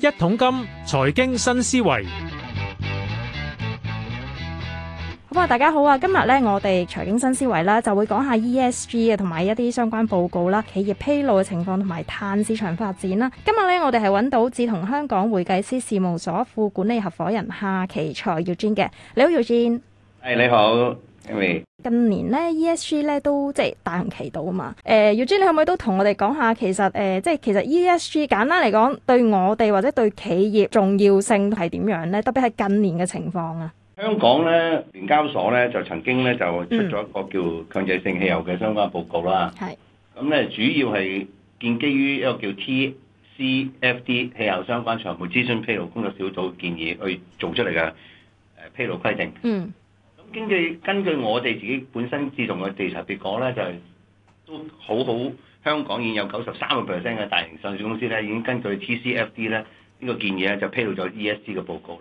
一桶金財經新思維，好啊！大家好啊！今日咧，我哋財經新思維啦，就會講下 ESG 啊，同埋一啲相關報告啦，企業披露嘅情況，同埋碳市場發展啦。今日咧，我哋係搵到致同香港會計師事務所副管理合夥人夏其才 Eugene 嘅，你好 Eugene，係、hey, 你好。近年咧，ESG 咧都即係大行其道啊嘛。誒、呃，玉珠，你可唔可以都同我哋講下，其實誒、呃，即係其實 ESG 簡單嚟講，對我哋或者對企業重要性係點樣咧？特別係近年嘅情況啊。香港咧，聯交所咧就曾經咧就出咗一個叫強制性氣候嘅相關報告啦。係。咁咧，主要係建基於一個叫 TCFD 氣候相關財務資訊披露工作小組建議去做出嚟嘅誒披露規定。嗯。Mm. 根據根據我哋自己本身自動嘅調查結果咧，就係、是、都好好。香港已經有九十三個 percent 嘅大型上市公司咧，已經根據 TCFD 咧呢、這個建議咧，就披露咗 ESG 嘅報告。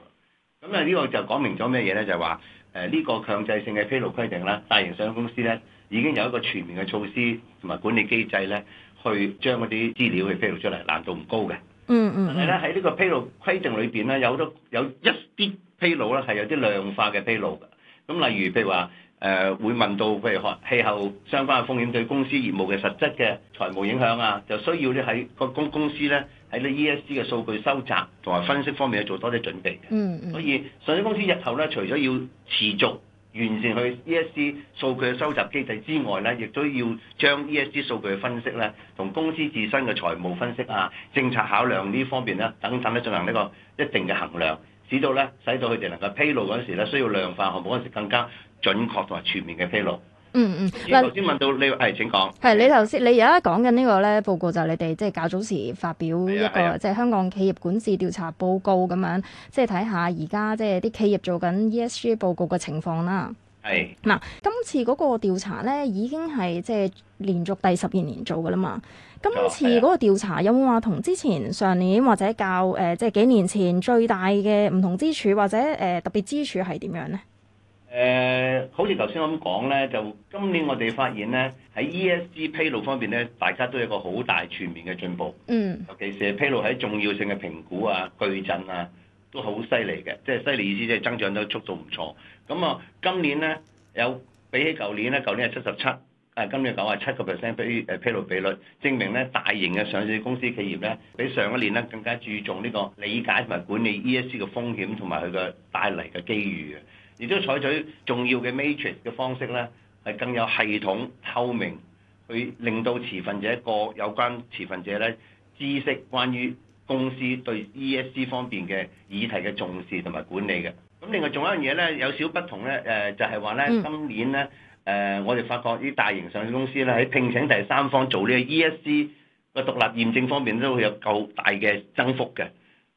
咁啊，呢個就講明咗咩嘢咧？就係話誒呢個強制性嘅披露規定啦，大型上市公司咧已經有一個全面嘅措施同埋管理機制咧，去將嗰啲資料去披露出嚟，難度唔高嘅。嗯嗯。但係咧，喺呢個披露規定裏邊咧，有好多有一啲披露咧係有啲量化嘅披露嘅。咁例如譬如話，誒會問到譬如氣候相關嘅風險對公司業務嘅實質嘅財務影響啊，就需要咧喺個公公司咧喺呢 ESG 嘅數據收集同埋分析方面去做多啲準備嘅。嗯，所以上市公司日後咧，除咗要持續完善佢 ESG 數據嘅收集機制之外咧，亦都要將 ESG 數據嘅分析咧，同公司自身嘅財務分析啊、政策考量呢方面咧等等咧進行呢個一定嘅衡量。指導咧，使到佢哋能夠披露嗰時咧，需要量化項目嗰時更加準確同埋全面嘅披露。嗯嗯，嗱、嗯、先、嗯、問到你，係，請講。係，你頭先你而家講緊呢個咧報告就，就係你哋即係較早時發表一個、啊啊、即係香港企業管治調查報告咁樣，即係睇下而家即係啲企業做緊 ESG 報告嘅情況啦。係嗱、啊，今次嗰個調查咧已經係即係連續第十二年做㗎啦嘛。哦、今次嗰個調查有冇話同之前上、啊、年或者較誒、呃、即係幾年前最大嘅唔同之處或者誒、呃、特別之處係點樣咧？誒、呃，好似頭先我咁講咧，就今年我哋發現咧喺 ESG 披露方面咧，大家都有一個好大全面嘅進步。嗯，尤其是披露喺重要性嘅評估啊、巨震啊。都好犀利嘅，即係犀利意思即係增長都速度唔錯。咁啊，今年咧有比起舊年咧，舊年係七十七，啊今年九啊七個 percent 批披露比率，證明咧大型嘅上市公司企業咧，比上一年咧更加注重呢個理解同埋管理 ESG 嘅風險同埋佢嘅帶嚟嘅機遇嘅，亦都採取重要嘅 matrix 嘅方式咧，係更有系統透明去令到持份者個有關持份者咧知識關於，公司對 ESG 方面嘅議題嘅重視同埋管理嘅，咁另外仲有一樣嘢咧，有少少不同咧，誒、呃、就係話咧，今年咧，誒、呃、我哋發覺啲大型上市公司咧喺聘請第三方做呢個 ESG 個獨立驗證方面都會有夠大嘅增幅嘅，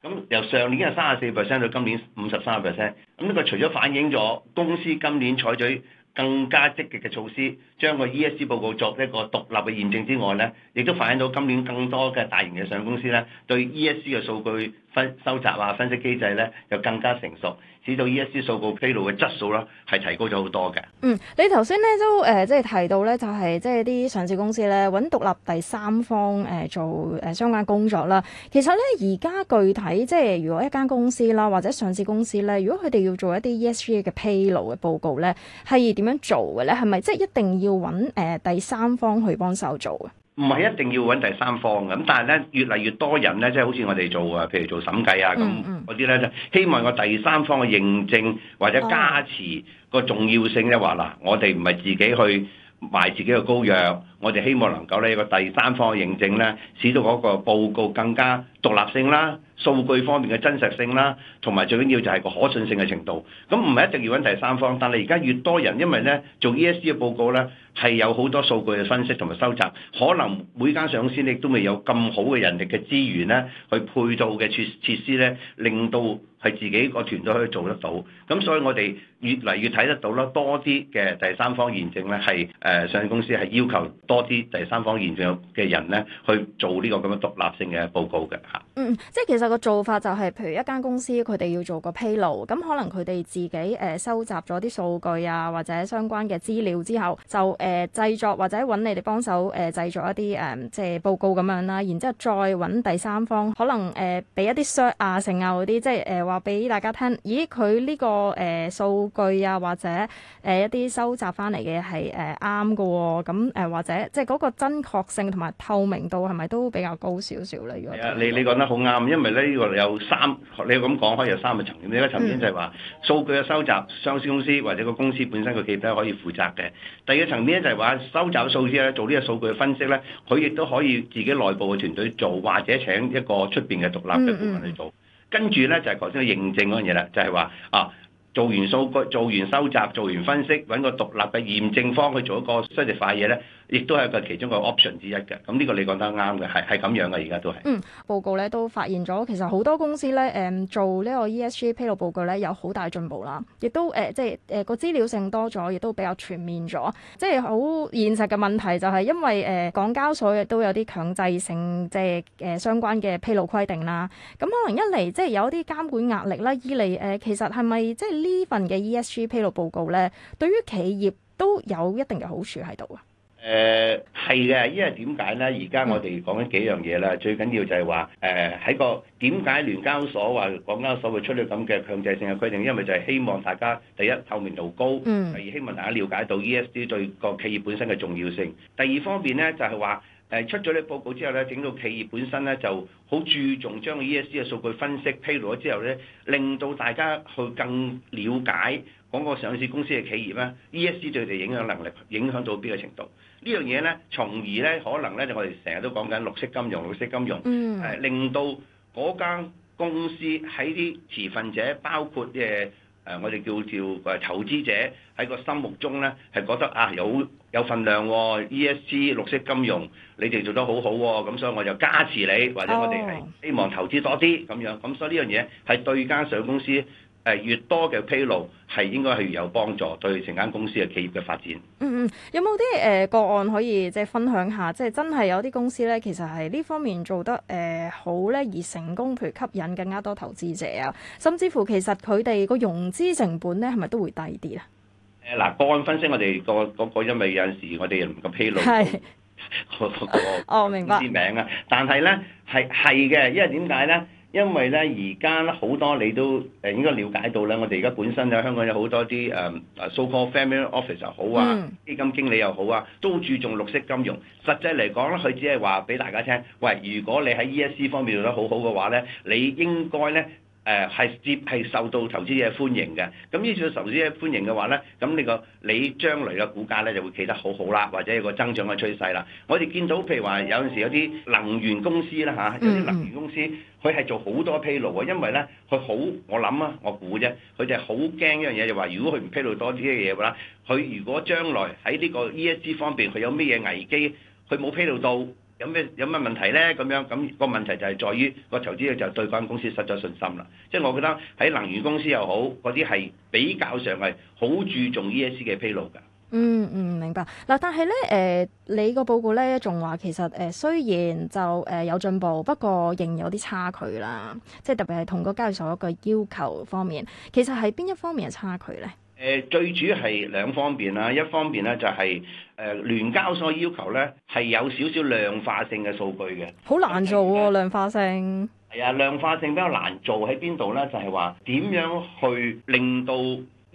咁、嗯、由上年嘅三十四 percent 到今年五十三 percent，咁呢個除咗反映咗公司今年採取。更加積極嘅措施，將個 E S G 報告作一個獨立嘅驗證之外咧，亦都反映到今年更多嘅大型嘅上市公司咧，對 E S G 嘅數據。分收集啊，分析機制咧就更加成熟，使到 E S G 數據披露嘅質素啦係提高咗好多嘅。嗯，你頭先咧都誒即係提到咧，就係、是、即係啲上市公司咧揾獨立第三方誒、呃、做誒相關工作啦。其實咧而家具體即係如果一間公司啦或者上市公司咧，如果佢哋要做一啲 E S G 嘅披露嘅報告咧，係點樣做嘅咧？係咪即係一定要揾誒、呃、第三方去幫手做嘅？唔係一定要揾第三方，咁但係咧越嚟越多人咧，即係好似我哋做啊，譬如做審計啊咁嗰啲咧，就、mm hmm。希望個第三方嘅認證或者加持個重要性咧，話嗱，我哋唔係自己去賣自己嘅膏藥，我哋希望能夠咧個第三方認證咧，使到嗰個報告更加獨立性啦、數據方面嘅真實性啦，同埋最緊要就係個可信性嘅程度。咁唔係一定要揾第三方，但係而家越多人，因為咧做 ESG 嘅報告咧。係有好多數據嘅分析同埋收集，可能每間上司亦都未有咁好嘅人力嘅資源咧，去配套嘅設設施咧，令到係自己個團隊可以做得到，咁所以我哋越嚟越睇得到啦，多啲嘅第三方驗證咧，係誒上市公司係要求多啲第三方驗證嘅人咧去做呢個咁嘅獨立性嘅報告嘅㗎。嗯，即係其實個做法就係、是，譬如一間公司佢哋要做個披露，咁可能佢哋自己誒、呃、收集咗啲數據啊，或者相關嘅資料之後，就誒、呃、製作或者揾你哋幫手誒、呃、製作一啲誒、呃、即係報告咁樣啦，然之後再揾第三方，可能誒俾、呃、一啲雙亞盛啊嗰啲、呃、即係誒。呃話俾大家聽，咦？佢呢、這個誒、呃、數據啊，或者誒、呃、一啲收集翻嚟嘅係誒啱嘅喎，咁、呃、誒、呃、或者即係嗰個真確性同埋透明度係咪都比較高少少咧？啊、嗯，你你講得好啱，因為咧呢個有三，你咁講開有三個層面。第一層面就係話數據嘅收集，上市公司或者個公司本身佢企業都可以負責嘅。第二個層面咧就係話收集嘅數字咧，做呢個數據嘅分析咧，佢亦都可以自己內部嘅團隊做，或者請一個出邊嘅獨立嘅部門去做。嗯嗯。跟住咧就係頭先嘅認證嗰樣嘢啦，就係、是、話啊，做完數據、做完收集、做完分析，揾個獨立嘅驗證方去做一個 standard 化嘢咧。亦都係個其中一個 option 之一嘅，咁、這、呢個你講得啱嘅，係係咁樣嘅。而家都係嗯報告咧，都發現咗其實好多公司咧，誒、嗯、做呢個 E S G 披露報告咧有好大進步啦。亦都誒、呃、即係誒個資料性多咗，亦都比較全面咗。即係好現實嘅問題就係因為誒、呃、港交所亦都有啲強制性即係誒、呃、相關嘅披露規定啦。咁可能一嚟即係有啲監管壓力啦，二嚟誒其實係咪即係呢份嘅 E S G 披露報告咧，對於企業都有一定嘅好處喺度啊？誒係嘅，因為點解呢？而家我哋講緊幾樣嘢啦，最緊要就係話誒喺個點解聯交所或港交所會出嚟咁嘅強制性嘅規定，因為就係希望大家第一透明度高，第二希望大家了解到 ESG 對個企業本身嘅重要性。第二方面呢，就係話誒出咗呢報告之後呢，整到企業本身呢就好注重將 ESG 嘅數據分析披露咗之後呢，令到大家去更了解。講個上市公司嘅企業咧，E S G 對佢哋影響能力影響到邊個程度？樣呢樣嘢咧，從而咧，可能咧就我哋成日都講緊綠色金融、綠色金融，誒令到嗰間公司喺啲持份者，包括誒誒、呃、我哋叫做誒投資者喺個心目中咧係覺得啊有有份量喎、哦，E S G 綠色金融你哋做得好好、哦、喎，咁所以我就加持你，或者我哋係希望投資多啲咁、哦嗯、樣，咁所以呢樣嘢係對間上市公司。誒越多嘅披露，係應該係越有幫助對成間公司嘅企業嘅發展。嗯嗯，有冇啲誒個案可以即係分享下？即係真係有啲公司咧，其實係呢方面做得誒好咧，而成功譬如吸引更加多投資者啊，甚至乎其實佢哋個融資成本咧，係咪都會低啲啊？誒嗱，個案分析我哋個嗰個，因為有陣時我哋唔夠披露，係個個哦，明白知名啊。但係咧係係嘅，因為點解咧？因為咧，而家好多你都誒、呃、應該了解到咧，我哋而家本身喺香港有好多啲誒誒、um, so-called family office 又好啊，嗯、基金經理又好啊，都注重綠色金融。實際嚟講咧，佢只係話俾大家聽，喂，如果你喺 ESG 方面做得好好嘅話咧，你應該咧。誒係接係受到投資者歡迎嘅，咁於是投資者歡迎嘅話咧，咁呢個你將來嘅股價咧就會企得好好啦，或者有一個增長嘅趨勢啦。我哋見到譬如話有陣時有啲能源公司啦嚇，有啲能源公司佢係做好多披露喎，因為咧佢好我諗啊，我估啫，佢就好驚一樣嘢就話，如果佢唔披露多啲嘅嘢啦，佢如果將來喺呢個 ESG 方面，佢有咩嘢危機，佢冇披露到。有咩有咩問題咧？咁樣咁個問題就係在於個投資者就對嗰間公司失咗信心啦。即係我覺得喺能源公司又好，嗰啲係比較上係好注重 ESG 嘅披露㗎。嗯嗯，明白嗱。但係咧，誒你個報告咧仲話其實誒雖然就誒有進步，不過仍有啲差距啦。即係特別係同個交易所嘅要求方面，其實係邊一方面嘅差距咧？誒最主要係兩方面啦，一方面咧就係誒聯交所要求咧係有少少量化性嘅數據嘅，好難做喎，量化性。係啊，量化性比較難做，喺邊度咧？就係話點樣去令到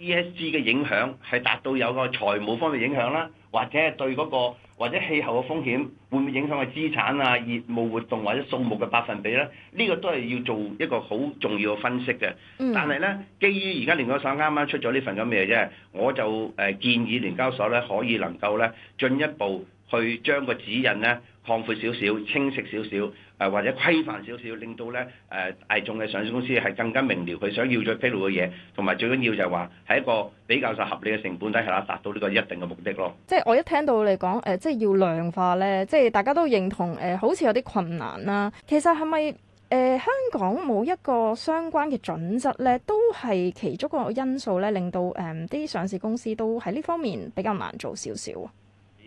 ESG 嘅影響係達到有個財務方面影響啦，或者係對嗰個。或者氣候嘅風險會唔會影響個資產啊、業務活動或者數目嘅百分比呢？呢、呢個都係要做一個好重要嘅分析嘅。但係呢，基於而家聯交所啱啱出咗呢份咁嘅嘢啫，我就誒、呃、建議聯交所呢可以能夠呢進一步。去將個指引呢擴闊少少、清晰少少，誒或者規範少少，令到呢誒大眾嘅上市公司係更加明瞭佢想要再披露嘅嘢，同埋最緊要就係話係一個比較合理嘅成本底下達到呢個一定嘅目的咯。即係我一聽到你講誒、呃，即係要量化呢，即係大家都認同誒、呃，好似有啲困難啦、啊。其實係咪誒香港冇一個相關嘅準則呢？都係其中一個因素呢，令到誒啲、呃、上市公司都喺呢方面比較難做少少。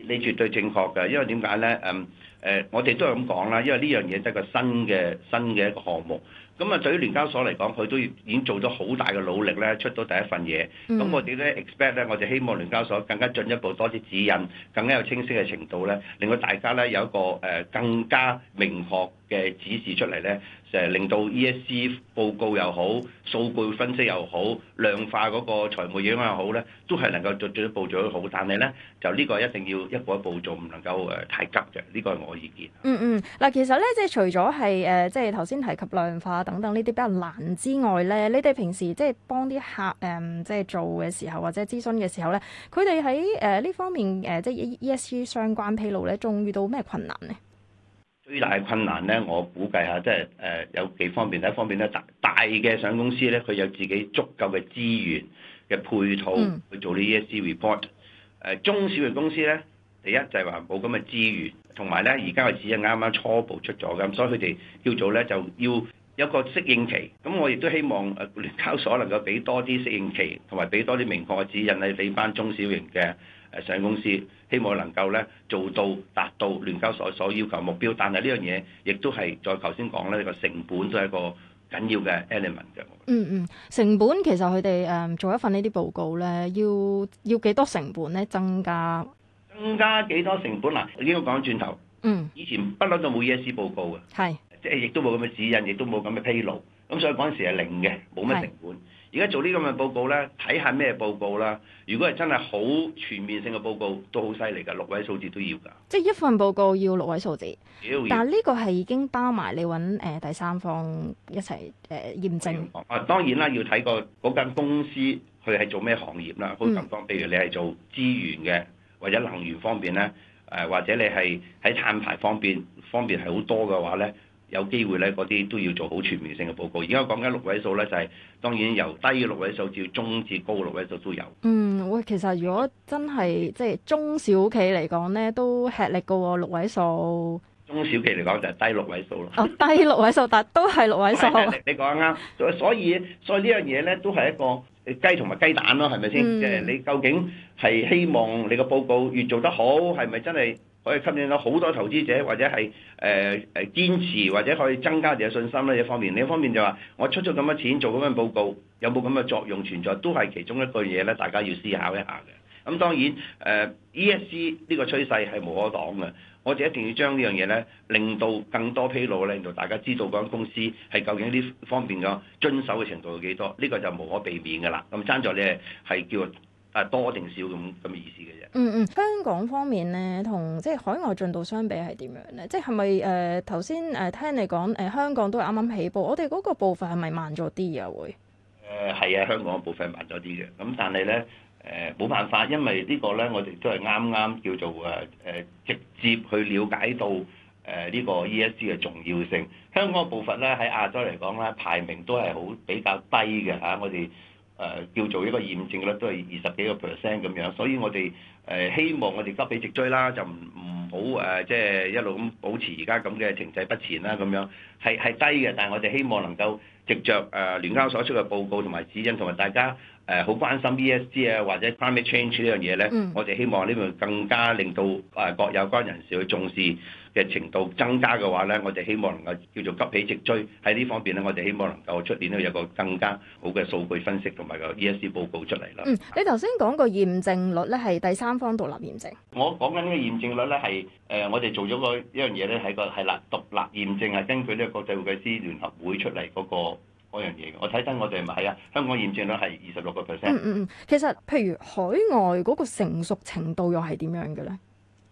你絕對正確嘅，因為點解咧？誒、嗯，我哋都係咁講啦，因為呢樣嘢都係個新嘅新嘅一個項目。咁啊，對於聯交所嚟講，佢都已經做咗好大嘅努力咧，出到第一份嘢。咁我哋咧 expect 咧，我哋希望聯交所更加進一步多啲指引，更加有清晰嘅程度咧，令到大家咧有一個誒更加明確嘅指示出嚟咧。就係令到 E S G 報告又好，數據分析又好，量化嗰個財務影響又好咧，都係能夠進一步做得好。但係咧，就呢個一定要一步一步做，唔能夠誒、呃、太急嘅。呢個係我意見。嗯嗯，嗱，其實咧，即係除咗係誒，即係頭先提及量化等等呢啲比較難之外咧，你哋平時即係幫啲客誒，即係做嘅時候或者諮詢嘅時候咧，佢哋喺誒呢方面誒，即、呃、係 E S G 相關披露咧，仲遇到咩困難呢？最大嘅困難咧，我估計下，即係誒、呃、有幾方面。第一方面咧，大大嘅上市公司咧，佢有自己足夠嘅資源嘅配套去做啲 ESG report。誒、呃、中小型公司咧，第一就係話冇咁嘅資源，同埋咧而家嘅指引啱啱初步出咗咁，所以佢哋叫做咧就要有一個適應期。咁我亦都希望誒聯交所能夠俾多啲適應期，同埋俾多啲明確嘅指引嚟俾翻中小型嘅誒上市公司。希望能夠咧做到達到聯交所所要求目標，但係呢樣嘢亦都係再頭先講咧個成本都係一個緊要嘅 element 嘅。嗯嗯，成本其實佢哋誒做一份呢啲報告咧，要要幾多成本咧？增加增加幾多成本啊？應該講轉頭。嗯。以前不嬲都冇 ESG 報告嘅。係是。即係亦都冇咁嘅指引，亦都冇咁嘅披露，咁所以嗰陣時係零嘅，冇乜成本。而家做呢咁嘅報告呢，睇下咩報告啦。如果係真係好全面性嘅報告，都好犀利噶，六位數字都要噶。即係一份報告要六位數字，了解。但係呢個係已經包埋你揾、呃、第三方一齊誒、呃、驗證。嗯啊、當然啦，要睇過嗰間公司佢係做咩行業啦。嗯。譬如你係做資源嘅，或者能源方面呢，誒、呃、或者你係喺碳排方面，方面係好多嘅話呢。有機會咧，嗰啲都要做好全面性嘅報告。而家講緊六位數咧，就係、是、當然由低六位數至中至高嘅六位數都有。嗯，喂，其實如果真係即係中小企嚟講咧，都吃力㗎喎，六位數。中小企嚟講就係低六位數咯。哦，低六位數， 但都係六位數。你講得啱。所以所以呢樣嘢咧，都係一個雞同埋雞蛋咯，係咪先？即係、嗯、你究竟係希望你個報告越做得好，係咪真係？可以吸引到好多投資者，或者係誒誒堅持，或者可以增加自信心咧。一方面，另一方面就話我出咗咁多錢做咁樣報告，有冇咁嘅作用存在，都係其中一個嘢咧。大家要思考一下嘅。咁當然誒、呃，ESG 呢個趨勢係無可擋嘅。我哋一定要將呢樣嘢咧，令到更多披露，令到大家知道嗰間公司係究竟呢方面嘅遵守嘅程度係幾多。呢個就無可避免嘅啦。咁爭在咧係叫。誒多定少咁咁嘅意思嘅啫。嗯嗯，香港方面咧，同即係海外進度相比係點樣咧？即係係咪誒頭先誒聽你講誒、呃、香港都係啱啱起步，我哋嗰個步伐係咪慢咗啲啊？會誒係啊，香港嘅步伐係慢咗啲嘅。咁、嗯、但係咧誒冇辦法，因為個呢個咧我哋都係啱啱叫做誒誒、呃、直接去了解到誒呢、呃呢個 E S G 嘅重要性。香港嘅步伐咧喺亞洲嚟講咧排名都係好比較低嘅嚇、啊，我哋，誒叫做一個驗證率都係二十幾個 percent 咁樣，所以我哋誒、呃、希望我哋急起直追啦，就唔唔好誒，即、呃、係、就是、一路咁保持而家咁嘅停滯不前啦咁樣，係係低嘅，但係我哋希望能夠藉着誒、呃、聯交所出嘅報告同埋指引，同埋大家誒好、呃、關心 ESG 啊或者 climate change 呢樣嘢咧，嗯、我哋希望呢邊更加令到誒各、呃、有關人士去重視。嘅程度增加嘅話咧，我哋希望能夠叫做急起直追喺呢方面咧，我哋希望能夠出年都有個更加好嘅數據分析同埋個 ESG 報告出嚟啦。嗯，你頭先講個驗證率咧，係第三方獨立驗證。我講緊呢個驗證率咧，係誒我哋做咗個一樣嘢咧，係個係啦，獨立驗證係根據呢個國際會計師聯合會出嚟嗰個嗰樣嘢。我睇真我哋係啊，香港驗證率係二十六個 percent。嗯嗯嗯，其實譬如海外嗰個成熟程度又係點樣嘅咧？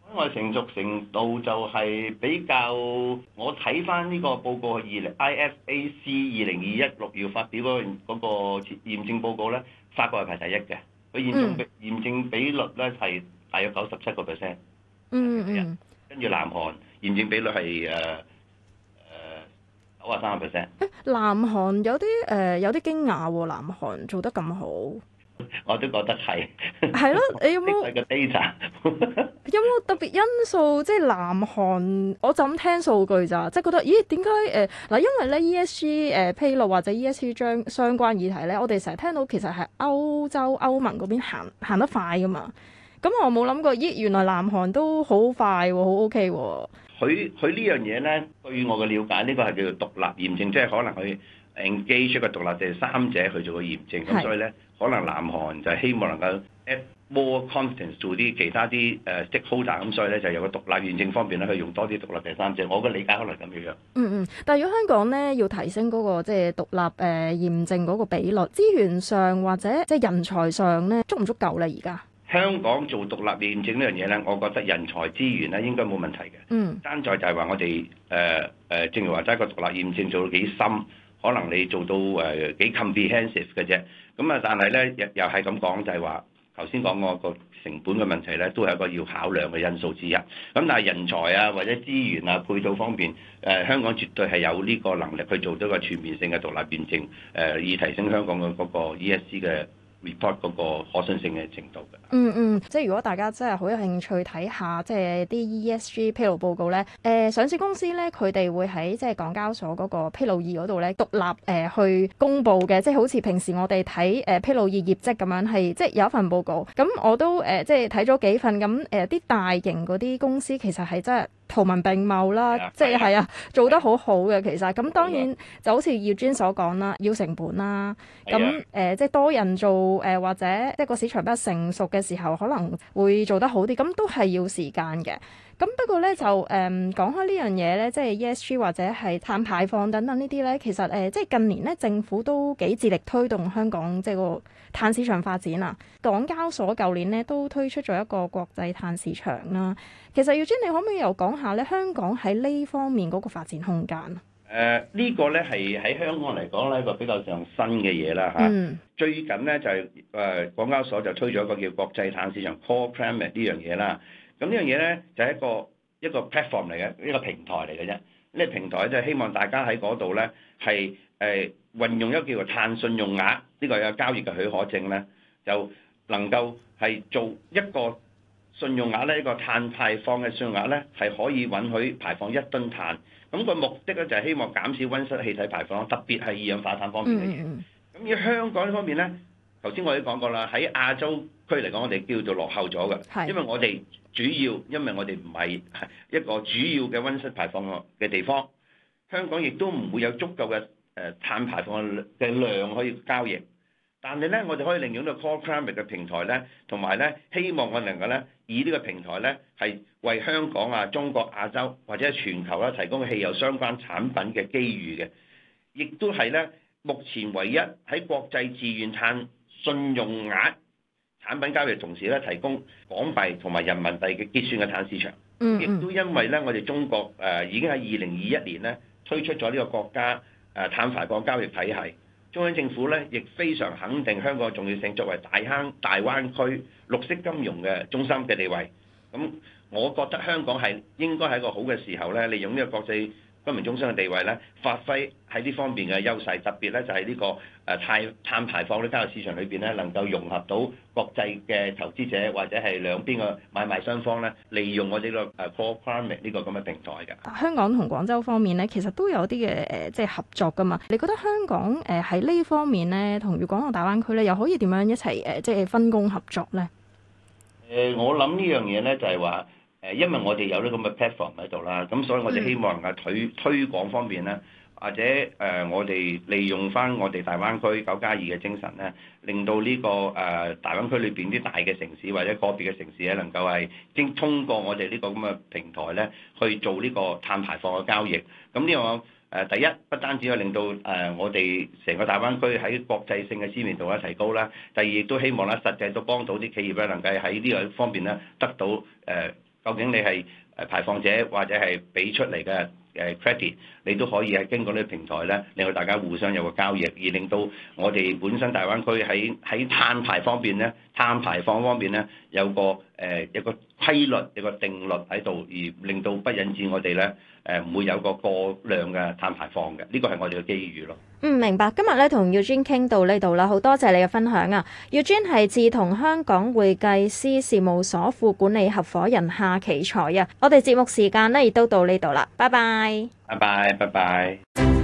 因為成熟程度就係比較，我睇翻呢個報告，二零 IFAC 二零二一六，要發表嗰個嗰個驗證報告呢，法國係排第一嘅，佢驗證比驗證比率呢，係大約九十七個 percent。嗯，跟住南韓驗證比率係九啊三啊 percent。Uh, uh, 南韓有啲誒、呃、有啲驚訝喎，南韓做得咁好。我都覺得係，係 咯，你有冇個 data？有冇 特別因素？即係南韓，我就咁聽數據咋，即係覺得，咦？點解誒嗱？因為咧 ESG 誒、呃、披露或者 ESG 將相關議題咧，我哋成日聽到其實係歐洲歐盟嗰邊行行得快噶嘛，咁我冇諗過，咦、呃？原來南韓都好快，好 OK。佢佢呢樣嘢咧，據我嘅了解，呢、這個係叫做獨立驗證，即、就、係、是、可能佢。Engage 出個獨立嘅第三者去做個驗證，咁是所以咧可能南韓就希望能夠 add more confidence 做啲其他啲誒即 stakeholder 咁所以咧就有個獨立驗證方面咧去用多啲獨立第三者，我嘅理解可能咁樣。嗯嗯，但係如果香港咧要提升嗰、那個即係、就是、獨立誒驗證嗰個比率，資源上或者即係人才上咧足唔足夠咧？而家香港做獨立驗證呢樣嘢咧，我覺得人才資源咧應該冇問題嘅。嗯。爭在就係話我哋誒誒，正如話齋，個獨立驗證做到幾深？可能你做到誒、呃、幾 comprehensive 嘅啫，咁啊但係咧又又係咁講就係話，頭先講個個成本嘅問題咧，都係一個要考量嘅因素之一。咁但係人才啊或者資源啊配套方面，誒、呃、香港絕對係有呢個能力去做到個全面性嘅獨立辨證，誒、呃、以提升香港嘅嗰個 E S G 嘅。r 嗰個可信性嘅程度嘅。嗯嗯，即係如果大家真係好有興趣睇下，即係啲 ESG 披露報告咧，誒、呃、上市公司咧，佢哋會喺即係港交所嗰個披露易嗰度咧獨立誒、呃、去公布嘅，即係好似平時我哋睇誒披露易業績咁樣，係即係有一份報告。咁我都誒、呃、即係睇咗幾份，咁誒啲大型嗰啲公司其實係真係。圖文並茂啦，即係係啊，啊做得好好嘅其實咁，啊、當然好的就好似葉專所講啦，要成本啦，咁誒、啊呃、即係多人做誒、呃、或者即係個市場比較成熟嘅時候，可能會做得好啲。咁都係要時間嘅。咁不過咧就誒、呃、講開呢樣嘢咧，即係 E S G 或者係碳排放等等呢啲咧，其實誒、呃、即係近年咧政府都幾致力推動香港即係個。碳市場發展啊，港交所舊年咧都推出咗一個國際碳市場啦、啊。其實，要、e、尊你可唔可以又講下咧香港喺呢方面嗰個發展空間？誒、呃，這個、呢個咧係喺香港嚟講咧一個比較上新嘅嘢啦嚇。啊嗯、最近咧就係、是、誒、呃、港交所就推咗一個叫國際碳市場 Core Climate 呢樣嘢啦。咁呢樣嘢咧就係、是、一個一個 platform 嚟嘅，一個平台嚟嘅啫。呢個，個平台就希望大家喺嗰度咧係。誒運用一個叫做碳信用額呢個有交易嘅許可證咧，就能夠係做一個信用額咧，一個碳排放嘅信用額咧，係可以允許排放一噸碳。咁個目的咧就係希望減少溫室氣體排放，特別係二氧化碳方面嘅嘢。、mm。咁、hmm. 以香港呢方面咧，頭先我哋講過啦，喺亞洲區嚟講，我哋叫做落後咗嘅、mm hmm.，因為我哋主要因為我哋唔係一個主要嘅溫室排放嘅地方，香港亦都唔會有足夠嘅。誒碳排放嘅量可以交易，但係咧，我哋可以利用到 Core Climate 嘅平台咧，同埋咧，希望我能夠咧，以呢個平台咧，係為香港啊、中國、亞洲或者全球啦提供汽油相關產品嘅機遇嘅，亦都係咧目前唯一喺國際自願碳信用額產品交易同時咧提供港幣同埋人民幣嘅結算嘅碳市場，亦都因為咧，我哋中國誒、呃、已經喺二零二一年咧推出咗呢個國家。誒碳排放交易體系，中央政府咧亦非常肯定香港重要性，作為大坑大灣區綠色金融嘅中心嘅地位。咁，我覺得香港係應該係一個好嘅時候咧，利用呢個國際。金融中心嘅地位咧，發揮喺呢方面嘅優勢，特別咧就係呢個誒碳碳排放呢個交易市場裏邊咧，能夠融合到國際嘅投資者或者係兩邊嘅買賣雙方咧，利用我哋個誒 carbon market 呢個咁嘅平台嘅。香港同廣州方面咧，其實都有啲嘅誒，即、呃、係、就是、合作噶嘛。你覺得香港誒喺呢方面咧，同粵港澳大灣區咧，又可以點樣一齊誒，即、呃、係、就是、分工合作咧？誒、呃，我諗呢樣嘢咧，就係、是、話。誒，因為我哋有呢咁嘅 platform 喺度啦，咁所以我哋希望能夠推推廣方面咧，或者誒我哋利用翻我哋大灣區九加二嘅精神咧，令到呢個誒大灣區裏邊啲大嘅城市或者個別嘅城市咧，能夠係經通過我哋呢個咁嘅平台咧，去做呢個碳排放嘅交易。咁呢個誒第一，不單止係令到誒我哋成個大灣區喺國際性嘅知名度咧提高啦，第二亦都希望咧實際都幫到啲企業咧能夠喺呢個方面咧得到誒。究竟你係誒排放者，或者係俾出嚟嘅誒 credit，你都可以係經過呢啲平台咧，令到大家互相有個交易，而令到我哋本身大灣區喺喺碳排方面咧，碳排放方面咧有個。誒，呃、有一個規律，有一個定律喺度，而令到不引致我哋咧，誒、呃、唔會有個過量嘅碳排放嘅，呢個係我哋嘅機遇咯。嗯，明白。今日咧同耀尊傾到呢度啦，好多謝你嘅分享啊！耀尊係致同香港會計師事務所副管理合夥人夏其才啊，我哋節目時間咧亦都到呢度啦，拜拜，拜拜。拜拜，拜拜。